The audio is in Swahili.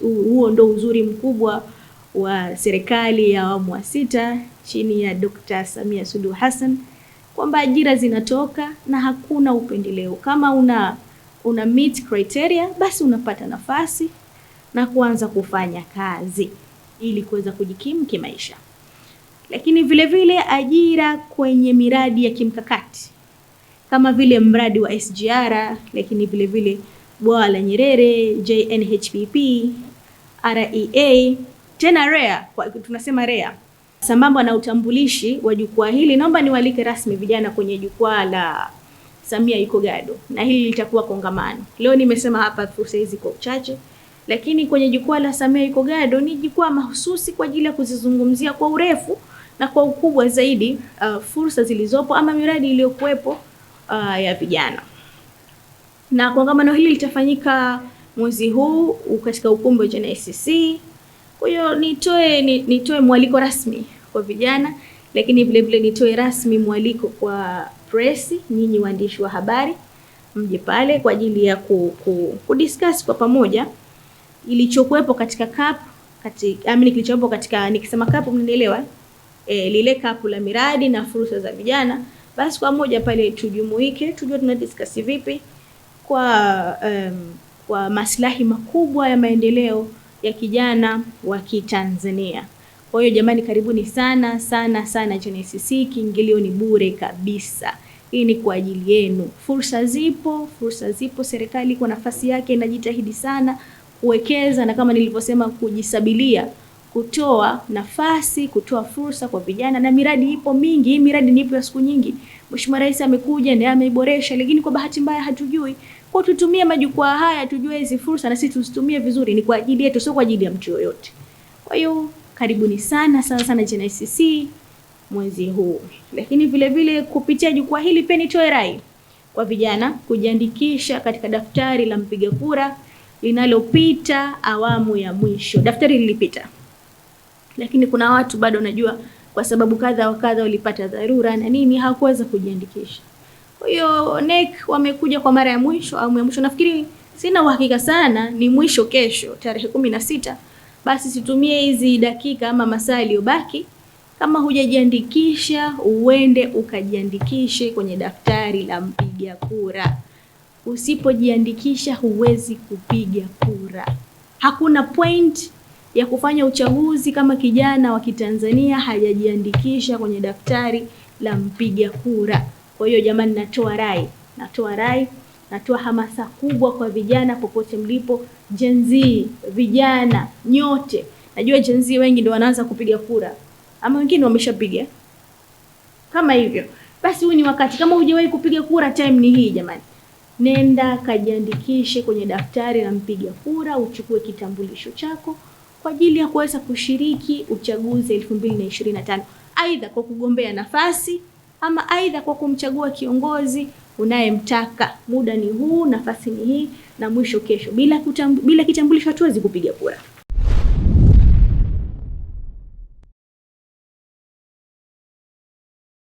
Huo ndo uzuri mkubwa wa serikali ya awamu wa sita chini ya Dkt. Samia Suluhu Hassan kwamba ajira zinatoka na hakuna upendeleo. Kama una una meet criteria, basi unapata nafasi na kuanza kufanya kazi ili kuweza kujikimu kimaisha. Lakini vile vile ajira kwenye miradi ya kimkakati kama vile mradi wa SGR, lakini vile vile bwawa la Nyerere, JNHPP, REA, tena REA, tunasema REA. Sambamba na utambulishi wa jukwaa hili, naomba niwalike rasmi vijana kwenye jukwaa la Samia iko Gado, na hili litakuwa kongamano. Leo nimesema hapa fursa hizi kwa uchache, lakini kwenye jukwaa la Samia iko Gado ni jukwaa mahususi kwa ajili ya kuzizungumzia kwa urefu na kwa ukubwa zaidi uh, fursa zilizopo ama miradi iliyokuwepo uh, ya vijana na kongamano hili litafanyika mwezi huu katika ukumbi wa JNICC. Kwa hiyo nitoe nitoe mwaliko rasmi kwa vijana, lakini vile vile nitoe rasmi mwaliko kwa press, nyinyi waandishi wa habari mje pale kwa ajili ya ku, ku, discuss kwa pamoja ilichokuwepo katika cup katika amini kilichopo katika nikisema cup mnielewa, e, eh, lile cup la miradi na fursa za vijana, basi kwa moja pale tujumuike, tujue tuna discuss vipi kwa, um, kwa maslahi makubwa ya maendeleo ya kijana wa Kitanzania. Kwa hiyo jamani, karibuni sana sana sana Genesis. kiingilio ni bure kabisa. Hii ni kwa ajili yenu. Fursa zipo, fursa zipo. Serikali kwa nafasi yake inajitahidi sana kuwekeza na kama nilivyosema, kujisabilia kutoa nafasi, kutoa fursa kwa vijana, na miradi ipo mingi. Hii miradi ni ipo ya siku nyingi. Mheshimiwa Rais amekuja ndiye ameiboresha, lakini kwa bahati mbaya hatujui. Kwa tutumie majukwaa haya, tujue hizi fursa na sisi tuzitumie vizuri. Ni kwa ajili yetu, sio kwa ajili ya mtu yoyote. Kwa hiyo karibuni sana sana sana JNICC mwezi huu, lakini vile vile kupitia jukwaa hili pia nitoe rai kwa vijana kujiandikisha katika daftari la mpiga kura linalopita awamu ya mwisho. Daftari lilipita lakini kuna watu bado najua kwa sababu kadha wa kadha walipata dharura na nini hawakuweza kujiandikisha. Kwa hiyo NEC wamekuja kwa mara ya mwisho au ya mwisho, nafikiri sina uhakika sana, ni mwisho kesho tarehe kumi na sita. Basi situmie hizi dakika ama masaa yaliyobaki, kama hujajiandikisha uende ukajiandikishe kwenye daftari la mpiga kura. Usipojiandikisha huwezi kupiga kura, hakuna point ya kufanya uchaguzi kama kijana wa Kitanzania hajajiandikisha kwenye daftari la mpiga kura. Kwa hiyo jamani, natoa rai, natoa rai, natoa hamasa kubwa kwa vijana popote mlipo, Gen Z, vijana nyote. Najua Gen Z wengi ndio wanaanza kupiga kura ama wengine wameshapiga kama hivyo. Basi huu ni wakati, kama hujawahi kupiga kura, time ni hii jamani. Nenda kajiandikishe kwenye daftari la mpiga kura, uchukue kitambulisho chako kwa ajili ya kuweza kushiriki uchaguzi 2025 aidha kwa kugombea nafasi ama aidha kwa kumchagua kiongozi unayemtaka. Muda ni huu, nafasi ni hii, na mwisho kesho. Bila, bila kitambulisho hatuwezi kupiga kura.